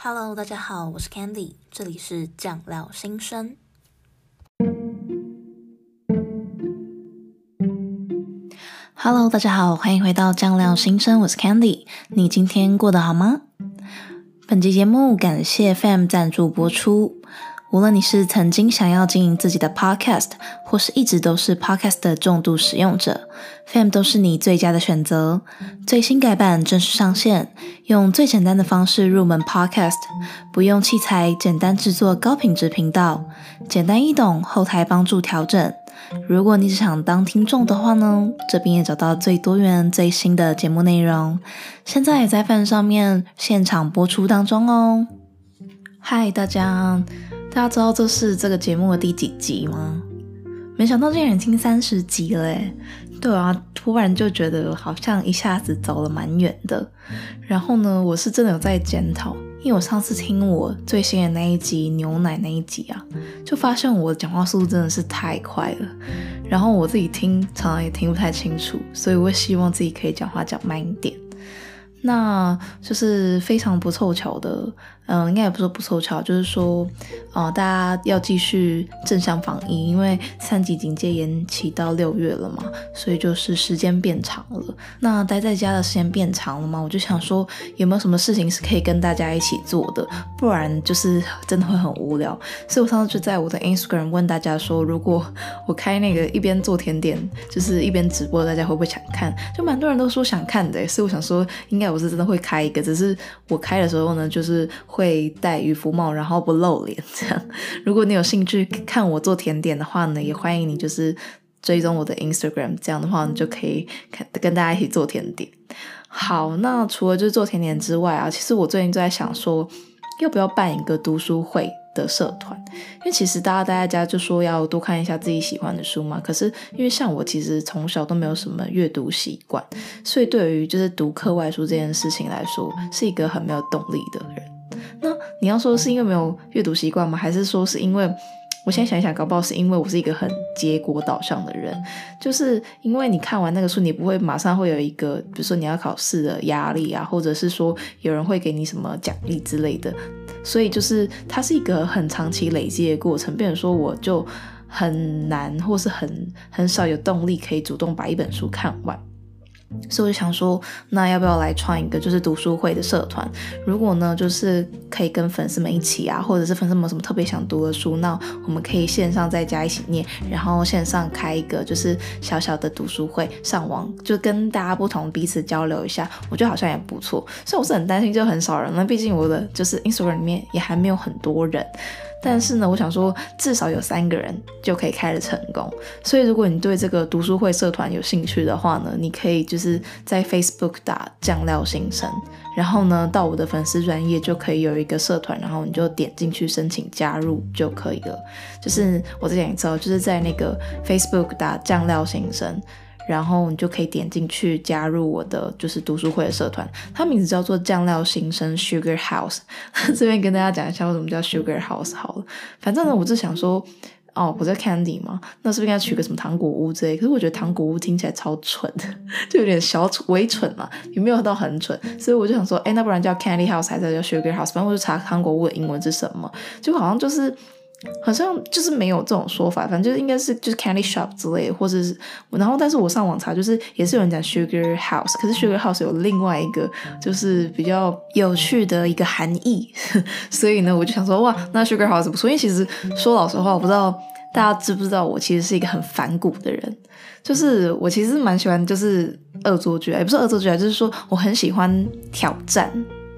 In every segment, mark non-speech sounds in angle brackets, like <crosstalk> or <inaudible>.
Hello，大家好，我是 Candy，這裡是醬料心聲。Hello，大家好，歡迎回到醬料心聲，我是 Candy，你今天過得好嗎？本期節目感謝 FAM 贊助播出。無論你是曾經想要經營自己的 podcast，或是一直都是 podcast 的重度使用者，FAM 都是你最佳的選擇。最新改版正式上線，用最簡單的方式入門 podcast，不用器材，簡單制作高品質頻道，簡單易懂，後台幫助調整。如果你只想當聽眾的話呢，這邊也找到最多元最新的節目內容，現在也在 FAM 上面現場播出當中哦。嗨，大家。大家知道這是這個節目的第幾集嗎？沒想到竟然已經三十集了欸。對啊，突然就覺得好像一下子走了蠻遠的。然後呢，我是真的有在檢討，因為我上次聽我最新的那一集牛奶那一集啊，就發現我的講話速度真的是太快了。然後我自己聽常常也聽不太清楚，所以我也希望自己可以講話講慢一點。那就是非常不湊巧的。嗯，應該也不是說不湊巧，就是說，嗯、呃，大家要繼續正向防疫，因為三級警戒延期到六月了嘛，所以就是時間變長了。那待在家的時間變長了嘛，我就想說有沒有什麼事情是可以跟大家一起做的，不然就是真的會很無聊。所以，我上次就在我的 Instagram 問大家說，如果我開那個一邊做甜點，就是一邊直播，大家會不會想看？就蠻多人都說想看的，欸，所以我想說，應該我是真的會開一個，只是我開的時候呢，就是。會戴漁夫帽，然後不露臉這樣。如果你有興趣看我做甜點的話呢，也歡迎你，就是追蹤我的 Instagram。這樣的話，你就可以看跟大家一起做甜點。好，那除了就是做甜點之外啊，其實我最近就在想說，要不要辦一個讀書會的社團？因為其實大家待在家就說要多看一下自己喜歡的書嘛。可是因為像我其實從小都沒有什麼閱讀習慣，所以對於就是讀課外書這件事情來說，是一個很沒有動力的人。那你要說是因為沒有閱讀習慣嗎？還是說是因為我現在想一想，搞不好是因為我是一個很結果導向的人，就是因為你看完那個書，你不會馬上會有一個，比如說你要考試的壓力啊，或者是說有人會給你什麼獎勵之類的，所以就是它是一個很長期累積的過程。變成說我就很難，或是很很少有動力可以主動把一本書看完。所以我就想說，那要不要來創一個就是讀書會的社團？如果呢，就是可以跟粉絲們一起啊，或者是粉絲們有什麼特別想讀的書，那我們可以線上在家一起念，然後線上開一個就是小小的讀書會，上網就跟大家不同，彼此交流一下，我覺得好像也不錯。所以我是很擔心就很少人，那畢竟我的就是 Instagram 裡面也還沒有很多人。但是呢，我想說，至少有三個人就可以開得成功。所以，如果你對這個讀書會社團有興趣的話呢，你可以就是在 Facebook 打醬料心聲，然後呢，到我的粉絲專頁就可以有一個社團，然後你就點進去申請加入就可以了。就是我之前也知道，就是在那個 Facebook 打醬料心聲。然後你就可以點進去加入我的就是讀書會的社團，它名字叫做醬料心聲 Sugar House。這邊跟大家講一下為什麼叫 Sugar House 好了。反正呢，我就想說，哦，我在 Candy 嘛，那是不是應該取個什麼糖果屋之類？可是我覺得糖果屋聽起來超蠢的，就有點小蠢、微蠢嘛，也沒有到很蠢。所以我就想說，哎，那不然叫 Candy House 還是叫 Sugar House？反正我就查糖果屋的英文是什麼，就好像就是。好像就是沒有這種說法，反正就是應該是就是 candy shop 之類的，或者是然後，但是我上網查，就是也是有人講 sugar house，可是 sugar house 有另外一個就是比較有趣的一個含義， <laughs> 所以呢，我就想說，哇，那 sugar house 怎麼說？因為其實說老實話，我不知道大家知不知道，我其實是一個很反骨的人，就是我其實蠻喜歡就是惡作劇，也不是惡作劇，就是說我很喜歡挑戰。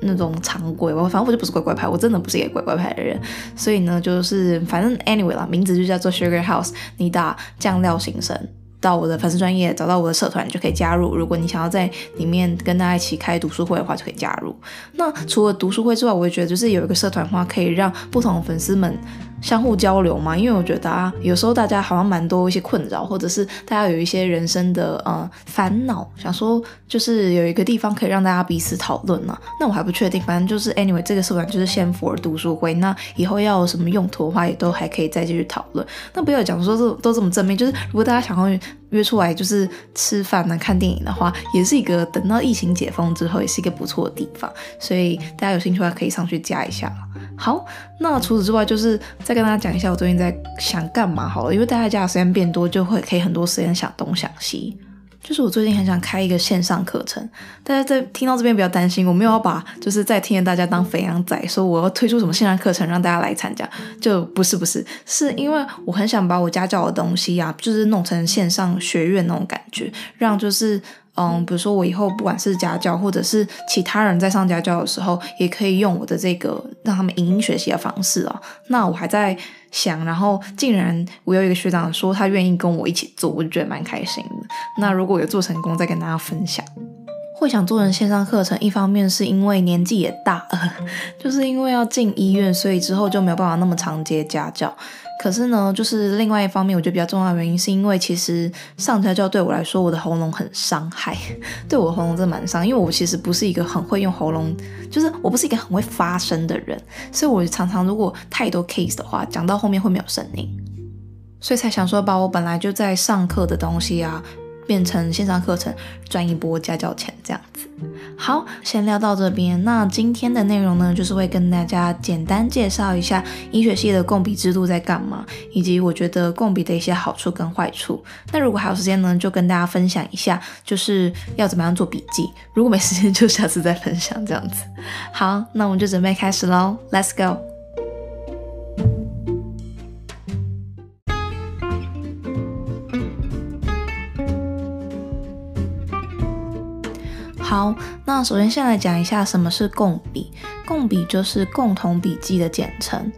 那種常規吧，我反正我就不是乖乖牌，我真的不是一個乖乖牌的人，所以呢，就是反正 anyway 啦，名字就叫做 Sugar House。你打醬料心聲到我的粉絲專頁，找到我的社團，就可以加入。如果你想要在裡面跟大家一起開讀書會的話，就可以加入。那除了讀書會之外，我也覺得就是有一個社團的話，可以讓不同粉絲們。相互交流嘛，因為我覺得啊，有時候大家好像蠻多一些困擾，或者是大家有一些人生的呃煩惱，想說就是有一個地方可以讓大家彼此討論嘛、啊。那我還不確定，反正就是 anyway，這個社團就是先 for 讀書會。那以後要有什麼用途的話，也都還可以再繼續討論。那不要講說這都這麼正面，就是如果大家想要。約出來就是吃飯啊，看電影的話，也是一個等到疫情解封之後，也是一個不錯的地方。所以大家有興趣的話，可以上去加一下。好，那除此之外，就是再跟大家講一下我最近在想幹嘛好了，因為待在家的時間變多，就會可以很多時間想東想西。就是我最近很想開一個線上課程，大家在聽到這邊不要擔心，我沒有要把就是在聽見大家當肥羊仔，說我要推出什麼線上課程讓大家來參加，就不是不是，是因為我很想把我家教的東西啊，就是弄成線上學院那種感覺，讓就是。嗯，比如說我以後不管是家教或者是其他人在上家教的時候，也可以用我的這個讓他們影音學習的方式啊、哦。那我還在想，然後竟然我有一個學長說他願意跟我一起做，我就覺得蠻開心的。那如果有做成功，再跟大家分享。會想做成線上課程，一方面是因為年紀也大，呃，就是因為要進醫院，所以之後就沒有辦法那麼常接家教。可是呢，就是另外一方面，我覺得比較重要的原因，是因為其實上家教對我來說，我的喉嚨很傷害，對我的喉嚨真的蠻傷，因為我其實不是一個很會用喉嚨，就是我不是一個很會發聲的人，所以我常常如果太多 case 的話，講到後面會沒有聲音，所以才想說，把我本來就在上課的東西啊。變成線上課程，賺一波家教錢這樣子，好，先聊到這邊。那今天的內容呢，就是會跟大家簡單介紹一下醫學系的共筆制度在幹嘛，以及我覺得共筆的一些好處跟壞處。那如果還有時間呢，就跟大家分享一下，就是要怎麼樣做筆記。如果沒時間，就下次再分享這樣子。好，那我們就準備開始嘍，Let's go！好，那首先先來講一下什麼是共筆，共筆就是共同筆記的簡稱。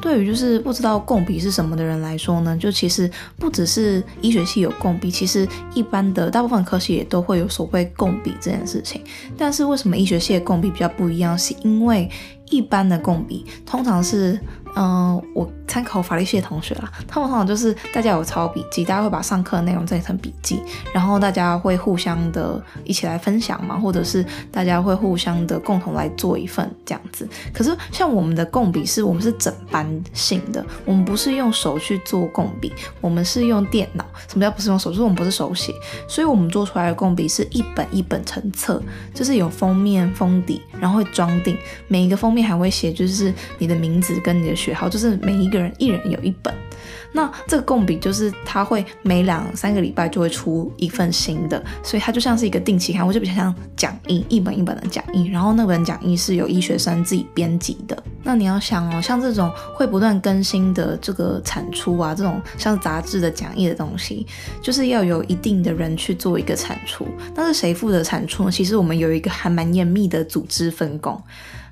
對於就是不知道共筆是什麼的人來說呢，就其實不只是醫學系有共筆，其實一般的大部分科系也都會有所謂共筆這件事情。但是為什麼醫學系的共筆比較不一樣，是因為一般的共筆通常是。嗯，我參考法律系的同學啦，他們通常就是大家有抄筆記，大家會把上課內容整理成筆記，然後大家會互相的一起來分享嘛，或者是大家會互相的共同來做一份這樣子。可是像我們的共筆是，我們是整班性的，我們不是用手去做共筆，我們是用電腦。什麼叫不是用手？就是我們不是手寫，所以我們做出來的共筆是一本一本成冊，就是有封面、封底，然後會裝訂，每一個封面還會寫就是你的名字跟你的學學號，就是每一個人，一人有一本，那這個共筆就是他會每兩三個禮拜就會出一份新的，所以它就像是一個定期刊，我就比較像講義，一本一本的講義，然後那本講義是由醫學生自己編輯的。那你要想哦，像這種會不斷更新的這個產出啊，這種像雜誌的講義的東西，就是要有一定的人去做一個產出。但是誰負責產出呢？其實我們有一個還蠻嚴密的組織分工。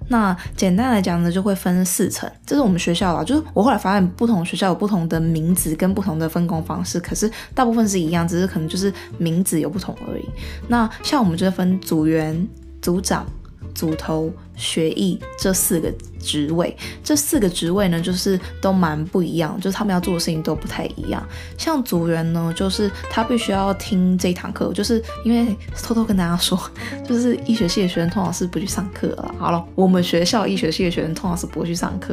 那簡單來講呢，就會分四層。這是我們學校啦，就是我後來發現不同學校有不同的名字跟不同的分工方式，可是大部分是一樣，只是可能就是名字有不同而已。那像我們就分組員、組長、組頭。學藝這四個職位，這四個職位呢，就是都蠻不一樣，就是他們要做的事情都不太一樣。像組員呢，就是他必須要聽這一堂課，就是因為偷偷跟大家說，就是醫學系的學生通常是不去上課了。好了，我們學校醫學系的學生通常是不會去上課，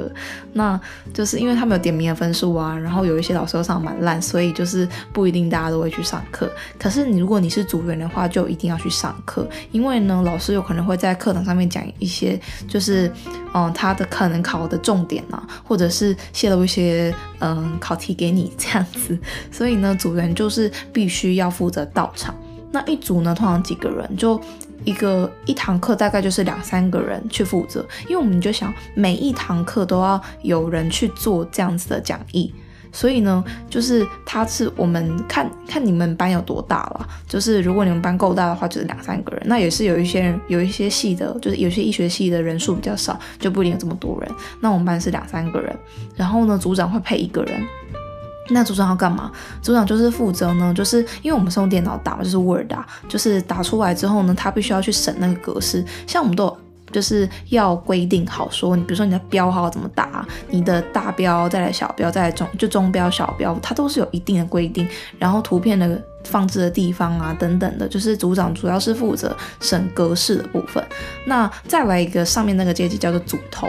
那就是因為他們有點名的分數啊，然後有一些老師都上的蠻爛，所以就是不一定大家都會去上課。可是你如果你是組員的話，就一定要去上課，因為呢，老師有可能會在課堂上面講一些。就是，嗯，他的可能考的重點呢、啊，或者是泄露一些，嗯，考題給你這樣子。所以呢，組員就是必須要負責到場。那一組呢，通常幾個人，就一個一堂課大概就是兩三個人去負責，因為我們就想每一堂課都要有人去做這樣子的講義。所以呢，就是他是我們看看你們班有多大了。就是如果你們班夠大的話，就是兩三個人。那也是有一些人有一些系的，就是有些醫學系的人數比較少，就不一定有這麼多人。那我們班是兩三個人，然後呢，組長會配一個人。那組長要幹嘛？組長就是負責呢，就是因為我們是用電腦打嘛，就是 Word 打，啊，就是打出來之後呢，他必須要去審那個格式。像我們都有。就是要規定好說，說你比如說你的標號怎麼打，你的大標再來小標，再來中就中標小標，它都是有一定的規定。然後圖片的放置的地方啊等等的，就是組長主要是負責審格式的部分。那再來一個上面那個階級叫做組頭，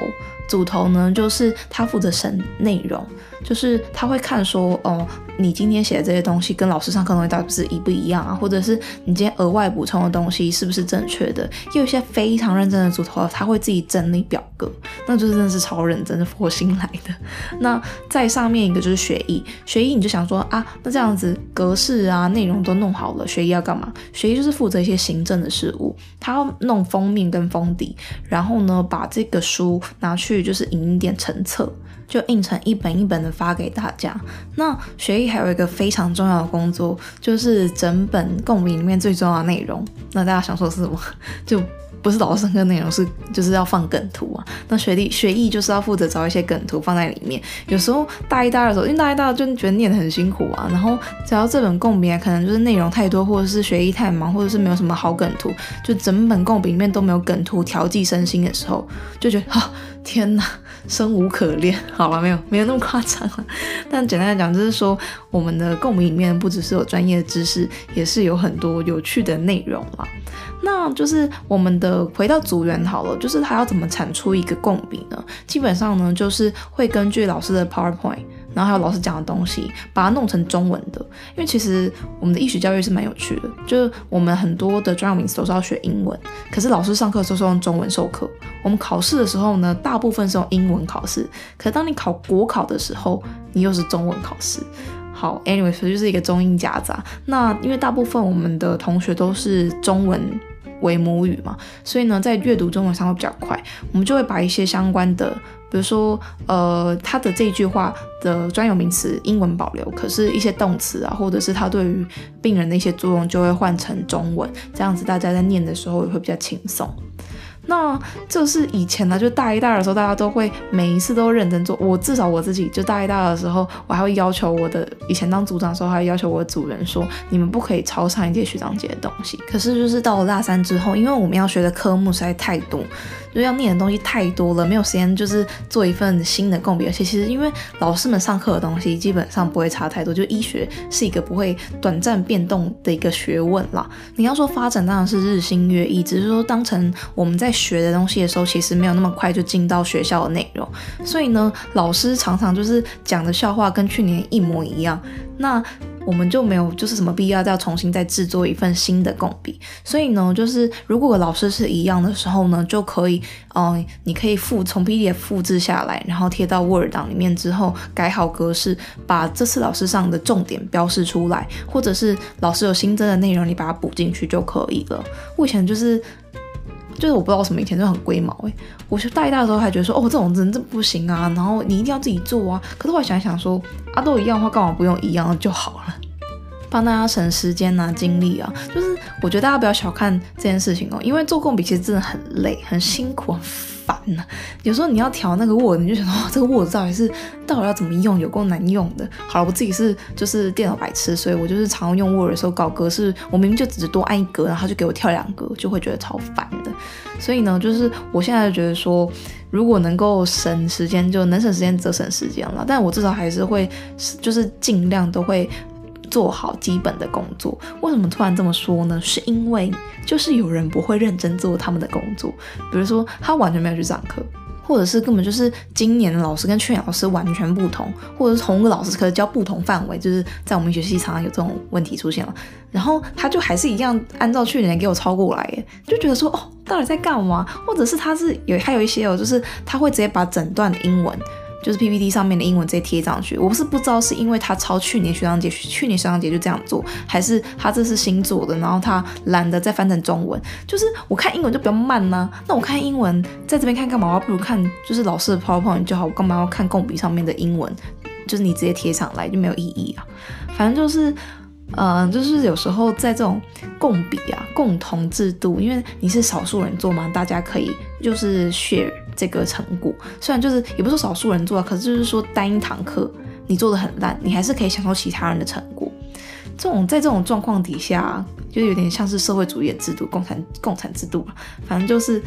組頭呢就是他負責審內容。就是他會看說，哦、呃，你今天寫的這些東西跟老師上課的東西到底是一不一樣啊？或者是你今天額外補充的東西是不是正確的？也有一些非常認真的組頭，他會自己整理表格，那就是真的是超認真的佛心來的。那再上面一個就是學藝，學藝你就想說啊，那這樣子格式啊內容都弄好了，學藝要幹嘛？學藝就是負責一些行政的事務，他要弄封面跟封底，然後呢把這個書拿去就是引一點成冊。就印成一本一本的發給大家。那學藝還有一個非常重要的工作，就是整本共筆裡面最重要的內容。那大家想說是什麼？就不是老師上課內容，是就是要放梗圖啊。那學弟學藝就是要負責找一些梗圖放在裡面。有時候大一、大二的時候，因為大一、大二就覺得念得很辛苦啊，然後只要這本共筆可能就是內容太多，或者是學藝太忙，或者是沒有什麼好梗圖，就整本共筆裡面都沒有梗圖調劑身心的時候，就覺得哈。啊天哪，生無可戀。好了，沒有，沒有那麼誇張了。但簡單來講，就是說我們的共筆裡面，不只是有專業的知識，也是有很多有趣的內容嘛。那就是我們的回到組員好了，就是他要怎麼產出一個共筆呢？基本上呢，就是會根據老師的 PowerPoint。然後還有老師講的東西，把它弄成中文的，因為其實我們的醫學教育是蠻有趣的，就是我們很多的專有名詞都是要學英文，可是老師上課都是用中文授課，我們考試的時候呢，大部分是用英文考試，可是當你考國考的時候，你又是中文考試。好，anyway，所以就是一個中英夾雜、啊。那因為大部分我們的同學都是中文為母語嘛，所以呢，在閱讀中文上會比較快，我們就會把一些相關的，比如說，呃，他的這句話的專有名詞英文保留，可是一些動詞啊，或者是他對於病人的一些作用，就會換成中文，這樣子大家在念的時候也會比較輕鬆。那這是以前呢，就大一大二的時候，大家都會每一次都認真做。我至少我自己，就大一大二的時候，我還會要求我的以前當組長的時候，還會要求我的組員說，你們不可以抄上一屆學長姐的東西。可是就是到了大三之後，因為我們要學的科目實在太多。就要念的東西太多了，沒有時間就是做一份新的共筆。而且其實因為老師們上課的東西基本上不會差太多，就醫學是一個不會短暫變動的一個學問啦。你要說發展當然是日新月異，只是說當成我們在學的東西的時候，其實沒有那麼快就進到學校的內容。所以呢，老師常常就是講的笑話跟去年一模一樣。那我們就沒有就是什麼必要再要重新再製作一份新的共筆，所以呢，就是如果老師是一樣的時候呢，就可以，嗯、呃，你可以複從 PDF 複製下來，然後貼到 Word 檔裡面之後，改好格式，把這次老師上的重點標示出來，或者是老師有新增的內容，你把它補進去就可以了。目前就是。就是我不知道為什麼以前就很龜毛哎、欸，我就大一大的時候還覺得說，哦，這種人真不行啊，然後你一定要自己做啊。可是我還想一想說，啊，都一樣的話幹嘛不用一樣就好了，幫大家省時間啊，精力啊。就是我覺得大家不要小看這件事情哦，因為做共筆其實真的很累很辛苦。煩了、啊，有時候你要調那個 Word，你就想說這個 Word 到底是到底要怎麼用，有夠難用的。好了，我自己是就是電腦白痴，所以我就是常用 Word 的時候搞格式，我明明就只是多按一格，然後就給我跳兩格，就會覺得超煩的。所以呢，就是我現在覺得說，如果能夠省時間，就能省時間則省時間了。但我至少還是會，就是盡量都會。做好基本的工作，為什麼突然這麼說呢？是因為就是有人不會認真做他們的工作，比如說他完全沒有去上課，或者是根本就是今年的老師跟去年老師完全不同，或者是同一個老師可以教不同範圍，就是在我們學習常常常有這種問題出現了。然後他就還是一樣按照去年給我抄過來耶，就覺得說哦，到底在幹嘛？或者是他是有還有一些哦，就是他會直接把整段英文。就是 PPT 上面的英文直接貼上去，我不是不知道是因為他抄去年學長姐，去年學長姐就這樣做，還是他這是新做的，然後他懶得再翻成中文。就是我看英文就比較慢吶，啊，那我看英文在這邊看幹嘛？我不如看就是老師的 PowerPoint 就好，我幹嘛要看共筆上面的英文？就是你直接貼上來就沒有意義啊。反正就是，嗯、呃，就是有時候在這種共筆啊，共同制度，因為你是少數人做嘛，大家可以就是 share。這個成果雖然就是也不是說少數人做、啊，可是就是說單一堂課你做的很爛，你還是可以享受其他人的成果。這種在這種狀況底下，就有點像是社會主義的制度，共產共產制度嘛。反正就是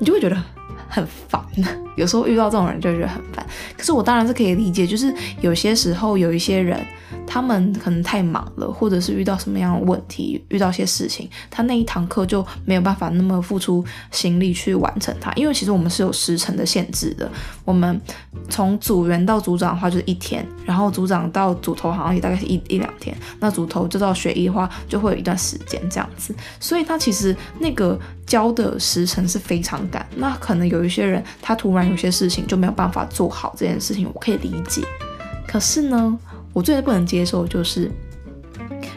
你就會覺得很煩。有時候遇到這種人就覺得很煩，可是我當然是可以理解，就是有些時候有一些人，他們可能太忙了，或者是遇到什麼樣的問題，遇到些事情，他那一堂課就沒有辦法那麼付出心力去完成它，因為其實我們是有時程的限制的。我們從組員到組長的話就是一天，然後組長到組頭好像也大概是一一兩天，那組頭就到學藝的話就會有一段時間這樣子，所以他其實那個教的時程是非常趕。那可能有一些人他突然。有些事情就沒有辦法做好這件事情，我可以理解。可是呢，我最不能接受就是，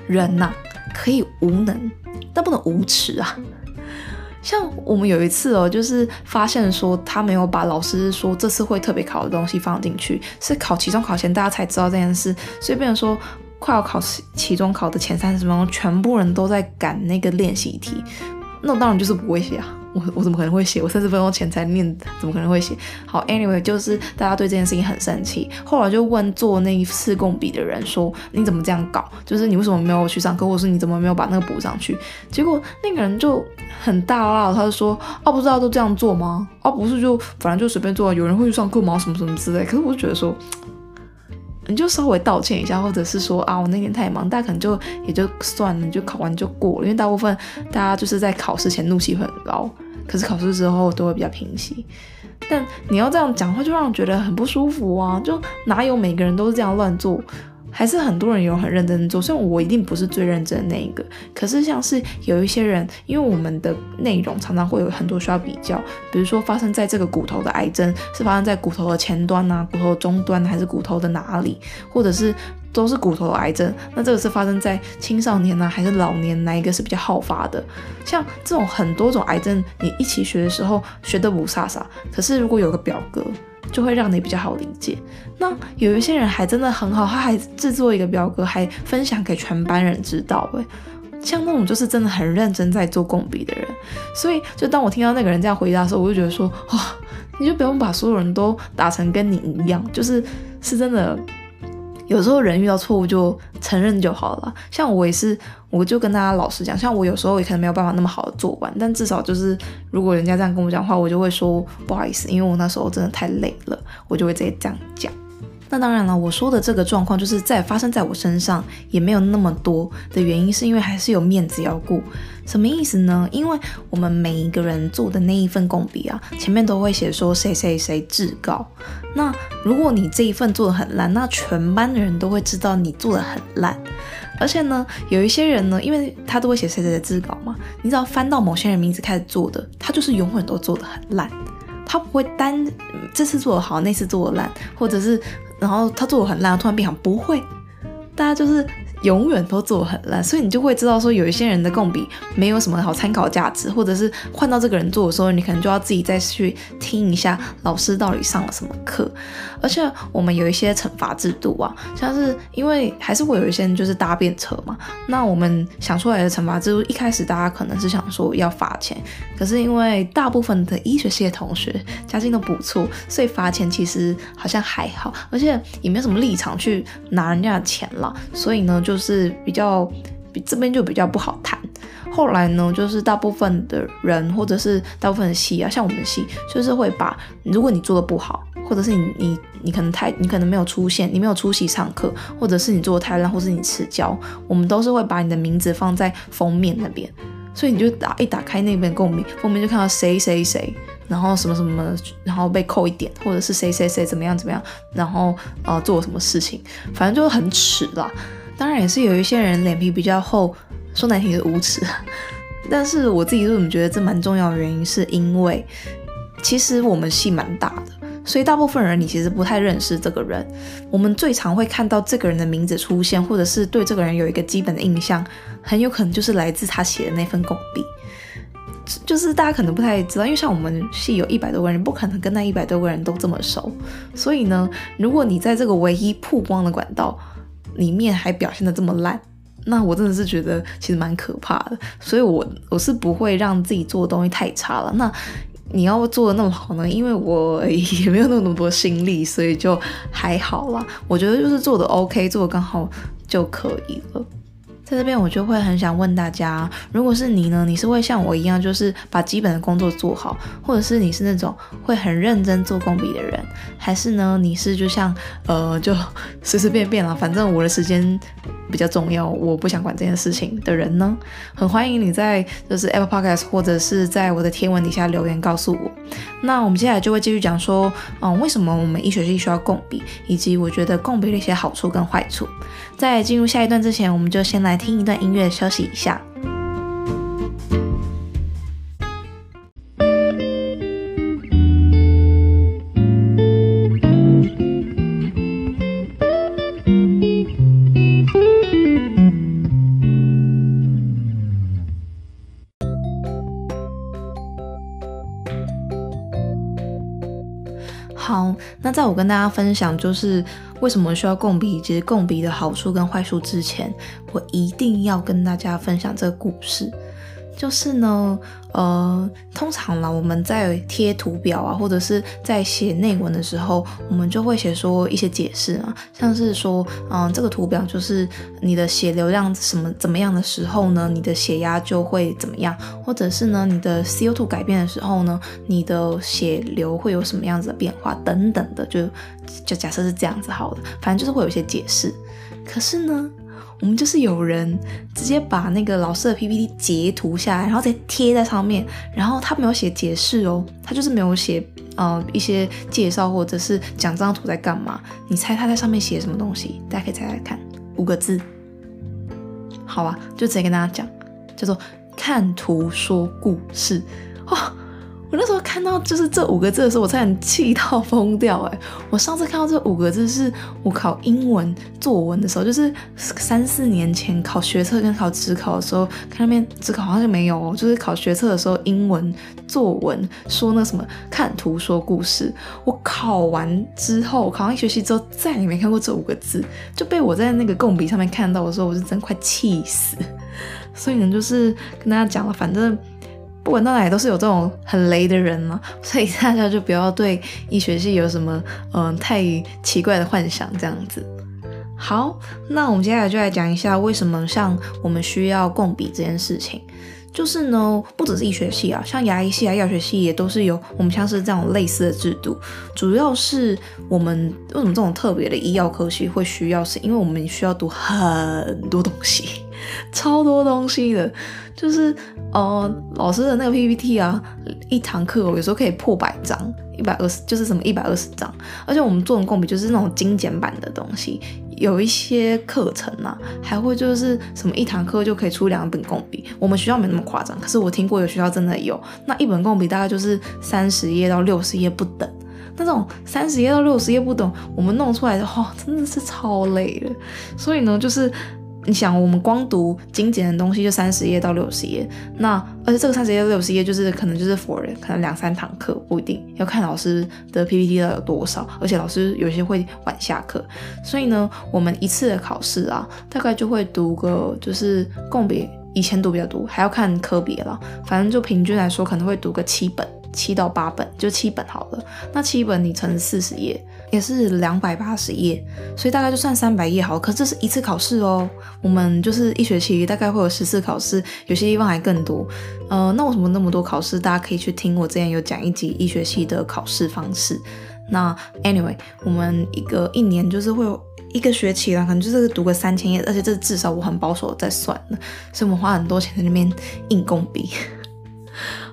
人吶、啊、可以無能，但不能無恥啊。像我們有一次哦，就是發現說他沒有把老師說這次會特別考的東西放進去，是考期中考前大家才知道這件事，所以變成說快要考期中考的前三十分鐘，全部人都在趕那個練習題，那我當然就是不會寫啊。我我怎麼可能會寫？我三十分鐘前才念，怎麼可能會寫好？Anyway，就是大家對這件事情很生氣，後來就問做那一次共筆的人說：“你怎麼這樣搞？就是你為什麼沒有去上課，或是你怎麼沒有把那個補上去？”結果那個人就很大佬，他就說：“哦、啊，不知道都這樣做嗎？哦、啊，不是就，就反正就隨便做、啊，有人會去上課嗎？什麼什麼之類。”可是我就覺得說。你就稍微道歉一下，或者是說啊，我那天太忙，大家可能就也就算了，你就考完就過了。因為大部分大家就是在考試前怒氣會很高，可是考試之後都會比較平息。但你要這樣講話，就讓人覺得很不舒服啊！就哪有每個人都是這樣亂做？還是很多人有很認真做，雖然我一定不是最認真的那一個，可是像是有一些人，因為我們的內容常常會有很多需要比較，比如說發生在這個骨頭的癌症是發生在骨頭的前端吶、啊，骨頭的中端、啊、還是骨頭的哪裡，或者是都是骨頭的癌症，那這個是發生在青少年吶、啊、還是老年，哪一個是比較好發的？像這種很多種癌症你一起學的時候學的霧煞煞，可是如果有個表格，就會讓你比較好理解。那有一些人還真的很好，他還制作一個表格，還分享給全班人知道。哎，像那種就是真的很認真在做共筆的人，所以就當我聽到那個人這樣回答的時候，我就覺得說，哇、哦，你就不用把所有人都打成跟你一樣，就是是真的。有時候人遇到錯誤就承認就好了。像我也是，我就跟大家老實講，像我有時候也可能沒有辦法那麼好的做完，但至少就是如果人家這樣跟我講話，我就會說不好意思，因為我那時候真的太累了，我就會直接這樣講。那當然了，我說的這個狀況，就是再發生在我身上也沒有那麼多的原因，是因為還是有面子要顧。什麼意思呢？因為我們每一個人做的那一份共筆啊，前面都會寫說誰誰誰製稿。那如果你這一份做得很爛，那全班的人都會知道你做得很爛。而且呢，有一些人呢，因為他都會寫誰誰的製稿嘛，你只要翻到某些人名字開始做的，他就是永遠都做得很爛。他不會單、嗯、這次做得好，那次做得爛，或者是。然後他做的很爛，突然變好。不會，大家就是。永遠都做很爛，所以你就會知道說有一些人的共筆沒有什麼好參考價值，或者是換到這個人做的時候，你可能就要自己再去聽一下老師到底上了什麼課。而且我們有一些懲罰制度啊，像是因為還是會有一些人就是搭便車嘛。那我們想出來的懲罰制度，一開始大家可能是想說要罰錢，可是因為大部分的醫學系的同學家境都不錯，所以罰錢其實好像還好，而且也沒有什麼立場去拿人家的錢了，所以呢。就是比較，比這邊就比較不好談。後來呢，就是大部分的人或者是大部分的系啊，像我們的系就是會把，如果你做的不好，或者是你你你，可能太，你可能沒有出現，你沒有出席上課，或者是你做的太爛，或者是你遲交，我們都是會把你的名字放在封面那邊。所以你就打一打開那邊封面，封面就看到誰誰誰，然後什麼什麼，然後被扣一點，或者是誰誰誰怎麼樣怎麼樣，然後呃做什麼事情，反正就很恥了。當然也是有一些人臉皮比較厚，說難聽的無恥。但是我自己就怎麼覺得這蠻重要的原因，是因為其實我們系蠻大的，所以大部分人你其實不太認識這個人。我們最常會看到這個人的名字出現，或者是對這個人有一個基本的印象，很有可能就是來自他寫的那份共筆。就是大家可能不太知道，因為像我們系有一百多個人，不可能跟那一百多個人都這麼熟。所以呢，如果你在這個唯一曝光的管道。裡面還表現的這麼爛，那我真的是覺得其實蠻可怕的。所以我，我我是不會讓自己做的東西太差了。那你要做的那麼好呢？因為我也沒有那麼多心力，所以就還好啦。我覺得就是做的 OK，做的剛好就可以了。在這邊，我就會很想問大家，如果是你呢？你是會像我一樣，就是把基本的工作做好，或者是你是那種會很認真做共筆的人，還是呢，你是就像呃，就隨隨便便啦，反正我的時間比較重要，我不想管這件事情的人呢？很歡迎你在就是 Apple Podcast 或者是在我的貼文底下留言告訴我。那我們接下來就會繼續講說，嗯、呃，為什麼我們醫學系需要共筆，以及我覺得共筆的一些好處跟壞處。在進入下一段之前，我們就先來聽一段音樂休息一下。好，那在我跟大家分享就是為什麼需要共筆，其實共筆的好處跟壞處之前，我一定要跟大家分享這個故事。就是呢，呃，通常呢，我們在貼圖表啊，或者是在寫內文的時候，我們就會寫說一些解釋啊，像是說，嗯，這個圖表就是你的血流量什麼怎麼樣的時候呢，你的血壓就會怎麼樣，或者是呢，你的 CO2 改變的時候呢，你的血流會有什麼樣子的變化等等的，就就假設是這樣子好了，反正就是會有一些解釋。可是呢，我們就是有人直接把那個老師的 PPT 截圖下來，然後再貼在上面，然後他沒有寫解釋哦，他就是沒有寫、呃、一些介紹或者是講這張圖在幹嘛。你猜他在上面寫什麼東西？大家可以猜猜看，五個字，好吧，就直接跟大家講，叫做“看圖說故事”哦。我那時候看到就是這五個字的時候，我差點氣到瘋掉誒、欸、我上次看到這五個字是，是我考英文作文的時候，就是三四年前考學測跟考指考的時候，看到面指考好像就沒有，就是考學測的時候，英文作文說那什麼看圖說故事。我考完之後，考完一學期之後，再也沒看過這五個字，就被我在那個共筆上面看到的時候，我說我是真快氣死。所以呢，就是跟大家講了，反正。不管到哪裡都是有這種很雷的人嘛，所以大家就不要對醫學系有什麼，嗯，太奇怪的幻想這樣子。好，那我們接下來就來講一下為什麼像我們需要共筆這件事情。就是呢，不只是醫學系啊，像牙醫系啊、藥學系也都是有我們像是這種類似的制度。主要是我們為什麼這種特別的醫藥科系會需要，是因為我們需要讀很多東西。超多東西的，就是呃，老師的那個 PPT 啊，一堂課我、喔、有時候可以破百張，一百二十，就是什麼一百二十張。而且我們做的共筆就是那種精簡版的東西，有一些課程啊，還會就是什麼一堂課就可以出兩本共筆。我們學校沒那麼誇張，可是我聽過有學校真的有，那一本共筆大概就是三十頁到六十頁不等。那種三十頁到六十頁不等，我們弄出來的話、哦、真的是超累的。所以呢，就是。你想，我們光讀精簡的東西就三十頁到六十頁，那而且這個三十頁到六十頁就是可能就是 for 可能兩三堂課，不一定要看老師 PP 的 PPT 要有多少，而且老師有些會晚下課，所以呢，我們一次的考試啊，大概就會讀個就是共筆以前讀比較多，還要看科別啦，反正就平均來說可能會讀個七本，七到八本就七本好了，那七本你乘四十頁。也是兩百八十頁，所以大概就算三百頁好。可是這是一次考試哦，我們就是一學期大概會有十次考試，有些地方還更多。呃，那為什麼那麼多考試？大家可以去聽我之前有講一集醫學系的考試方式。那 anyway，我們一個一年就是會有一個學期了，可能就是讀個三千頁，而且這至少我很保守在算了，所以我們花很多錢在那邊印共筆。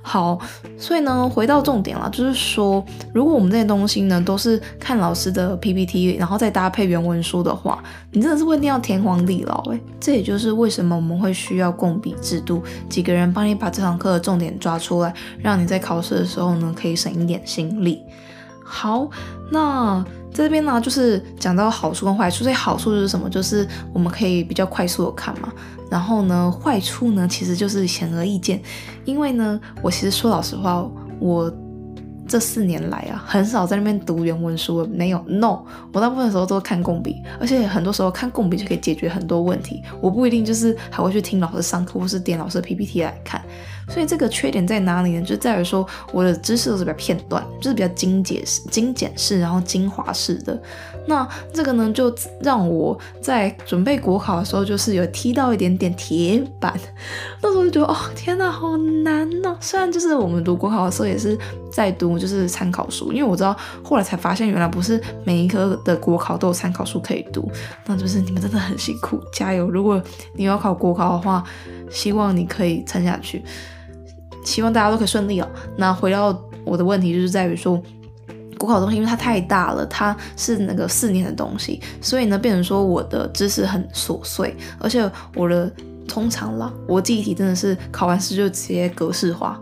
好，所以呢，回到重點了，就是說，如果我們這些東西呢，都是看老師的 PPT，然後再搭配原文書的話，你真的是會要天荒地老哎。這也就是為什麼我們會需要共筆制度，幾個人幫你把這堂課的重點抓出來，讓你在考試的時候呢，可以省一點心力。好，那這邊呢，就是講到好處跟壞處。所以好處就是什麼，就是我們可以比較快速的看嘛。然後呢，壞處呢，其實就是顯而易見。因為呢，我其實說老實話，我這四年來啊，很少在那邊讀原文書，沒有。no，我大部分的時候都看共筆，而且很多時候看共筆就可以解決很多問題。我不一定就是還會去聽老師上課，或是點老師的 PPT 來看。所以這個缺點在哪裡呢？就在於說，我的知識都是比較片段，就是比較精簡式、精簡式，然後精華式的。那這個呢，就讓我在準備國考的時候，就是有踢到一點點鐵板。那時候就覺得，哦，天哪，好難哦、啊！雖然就是我們讀國考的時候也是在讀，就是參考書，因為我知道後來才發現，原來不是每一科的國考都有參考書可以讀。那就是你們真的很辛苦，加油！如果你要考國考的話，希望你可以撐下去。希望大家都可以順利哦。那回到我的問題，就是在於說，國考的東西，因為它太大了，它是那個四年的東西，所以呢，變成說我的知識很瑣碎，而且我的通常啦，我記憶體真的是考完試就直接格式化。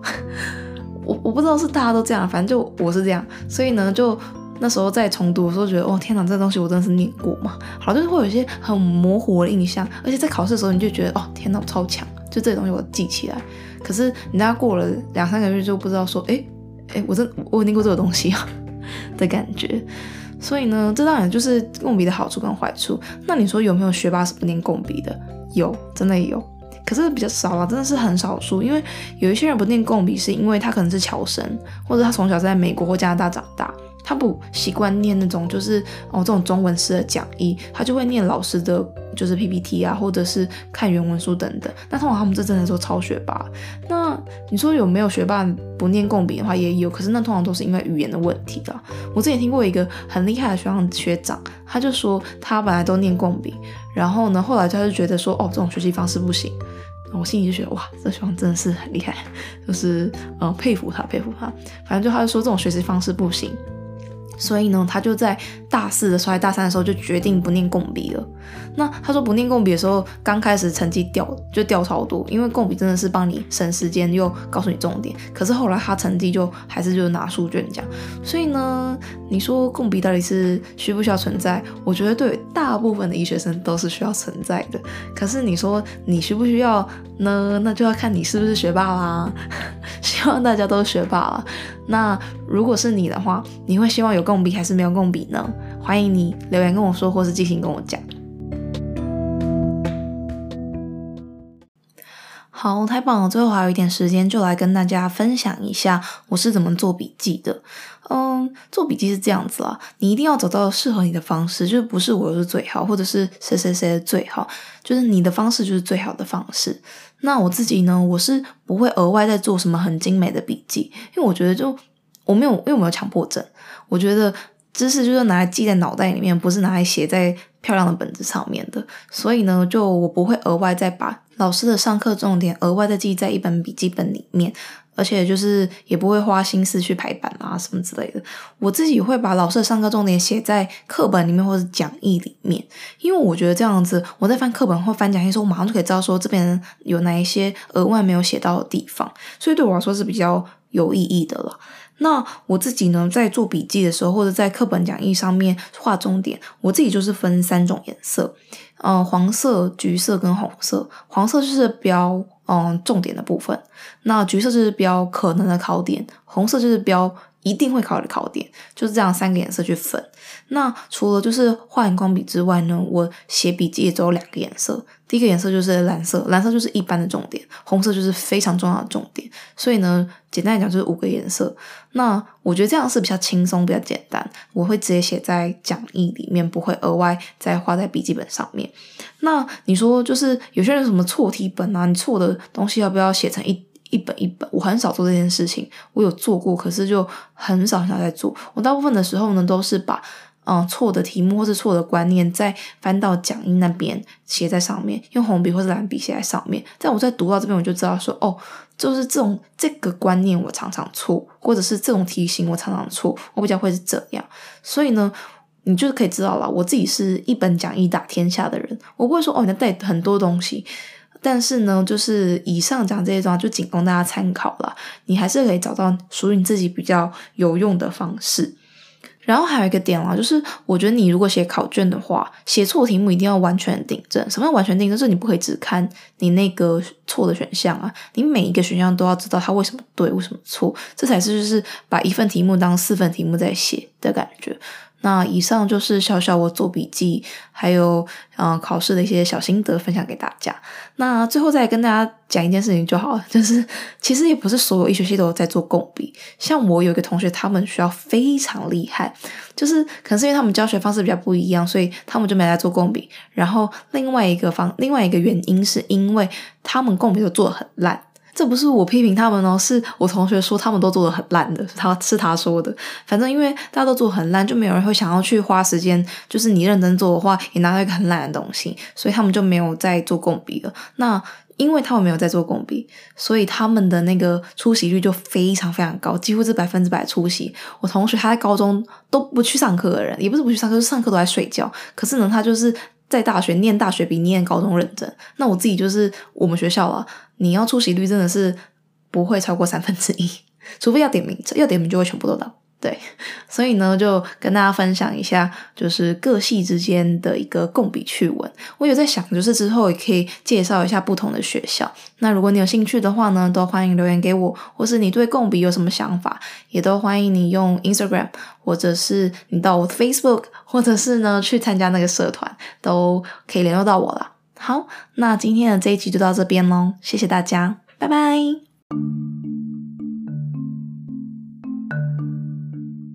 <laughs> 我我不知道是大家都這樣，反正就我是這樣，所以呢，就那時候在重讀的時候，覺得哇、哦，天吶，這個、東西我真的是念過嘛？好像就是會有一些很模糊的印象，而且在考試的時候，你就覺得哦，天哪，我超強！就這個東西我記起來，可是你大概過了兩三個月就不知道說，哎，哎，我真我有念過這個東西啊的感覺。所以呢，這當然就是共筆的好處跟壞處。那你說有沒有學霸是不念共筆的？有，真的有，可是比較少啦，真的是很少數。因為有一些人不念共筆，是因為他可能是僑生，或者他從小在美國或加拿大長大，他不習慣念那種就是哦，這種中文式的講義，他就會念老師的。就是 PPT 啊，或者是看原文書等等。那通常他們這真的是超學霸。那你說有沒有學霸不念共筆的話也有。可是那通常都是因為語言的問題的。我之前聽過一個很厲害的學校學長，他就說他本來都念共筆，然後呢，後來就他就覺得說，哦，這種學習方式不行。我心裡就覺得哇，這學長真的是很厲害，就是嗯，佩服他佩服他。反正就他就說這種學習方式不行。所以呢，他就在大四的、在大三的時候就決定不念共筆了。那他說不念共筆的時候，剛開始成績掉，就掉超多，因為共筆真的是幫你省時間又告訴你重點。可是後來他成績就還是就是拿書卷獎。所以呢，你說共筆到底是需不需要存在？我覺得對大部分的醫學生都是需要存在的。可是你說你需不需要？那那就要看你是不是學霸啦、啊， <laughs> 希望大家都是學霸了。那如果是你的話，你會希望有共筆還是沒有共筆呢？歡迎你留言跟我說，或是進行跟我講。好，太棒了！最後還有一點時間，就來跟大家分享一下我是怎麼做筆記的。嗯，做筆記是這樣子啊，你一定要找到適合你的方式，就是不是我是最好，或者是誰誰誰最好，就是你的方式就是最好的方式。那我自己呢，我是不會額外再做什麼很精美的筆記，因為我覺得就我沒有，因為沒有強迫症，我覺得知識就是拿來記在腦袋裡面，不是拿來寫在漂亮的本子上面的。所以呢，就我不會額外再把老師的上課重點額外再記在一本筆記本裡面。而且就是也不會花心思去排版啊，什麼之類的。我自己會把老師的上課重點寫在課本裡面或者講義裡面，因為我覺得這樣子，我在翻課本或翻講義的時候，我馬上就可以知道說這邊有哪一些額外沒有寫到的地方，所以對我來說是比較有意義的了。那我自己呢，在做筆記的時候或者在課本講義上面畫重點，我自己就是分三種顏色，嗯、呃，黃色、橘色跟紅色。黃色就是標。嗯，重點的部分，那橘色就是標可能的考點，紅色就是標一定會考的考點，就是這樣三個顏色去分。那除了就是畫熒光筆之外呢，我寫筆記也只有兩個顏色，第一個顏色就是藍色，藍色就是一般的重點，紅色就是非常重要的重點。所以呢，簡單來講就是五個顏色。那我覺得這樣是比較輕鬆、比較簡單，我會直接寫在講義裡面，不會額外再畫在筆記本上面。那你說就是有些人有什麼錯題本啊，你錯的東西要不要寫成一一本一本？我很少做這件事情，我有做過，可是就很少很少在做。我大部分的時候呢，都是把嗯、呃、錯的題目或是錯的觀念再翻到講義那邊寫在上面，用紅筆或是藍筆寫在上面。但我再讀到這邊，我就知道說哦，就是這種這個觀念我常常錯，或者是這種題型我常常錯，我比較會是這樣。所以呢。你就是可以知道啦，我自己是一本講義打天下的人，我不會說哦，你要帶很多東西。但是呢，就是以上講這些的話，就僅供大家參考了。你還是可以找到屬於你自己比較有用的方式。然後還有一個點啦，就是我覺得你如果寫考卷的話，寫錯題目一定要完全訂正。什麼叫完全訂正？就是你不可以只看你那個錯的選項啊，你每一個選項都要知道它為什麼對，為什麼錯，這才是就是把一份題目當四份題目在寫。的感覺。那以上就是小小我做筆記，還有嗯，考試的一些小心得，分享給大家。那最後再跟大家講一件事情就好了，就是其實也不是所有醫學系都有在做共筆。像我有一個同學，他們學校非常厲害，就是可能是因為他們教學方式比較不一樣，所以他們就沒來做共筆。然後另外一個方，另外一個原因是因為他們共筆都做的很爛。這不是我批評他們哦，是我同學說他們都做得很爛的，是他是他說的。反正因為大家都做得很爛，就沒有人會想要去花時間。就是你認真做的話，也拿到一個很爛的東西，所以他們就沒有再做共筆了。那因為他們沒有再做共筆，所以他們的那個出席率就非常非常高，幾乎是百分之百出席。我同學他在高中都不去上課的人，也不是不去上課，是上課都在睡覺。可是呢，他就是。在大學念大學比念高中認真。那我自己就是我們學校啊，你要出席率真的是不會超過三分之一，3, 除非要點名，要點名就會全部都到。對，所以呢，就跟大家分享一下，就是各系之間的一個共筆趣聞。我有在想，就是之後也可以介紹一下不同的學校。那如果你有興趣的話呢，都歡迎留言給我，或是你對共筆有什麼想法，也都歡迎你用 Instagram，或者是你到我的 Facebook，或者是呢去參加那個社團，都可以聯絡到我啦。好，那今天的這一集就到這邊嘍，謝謝大家，拜拜。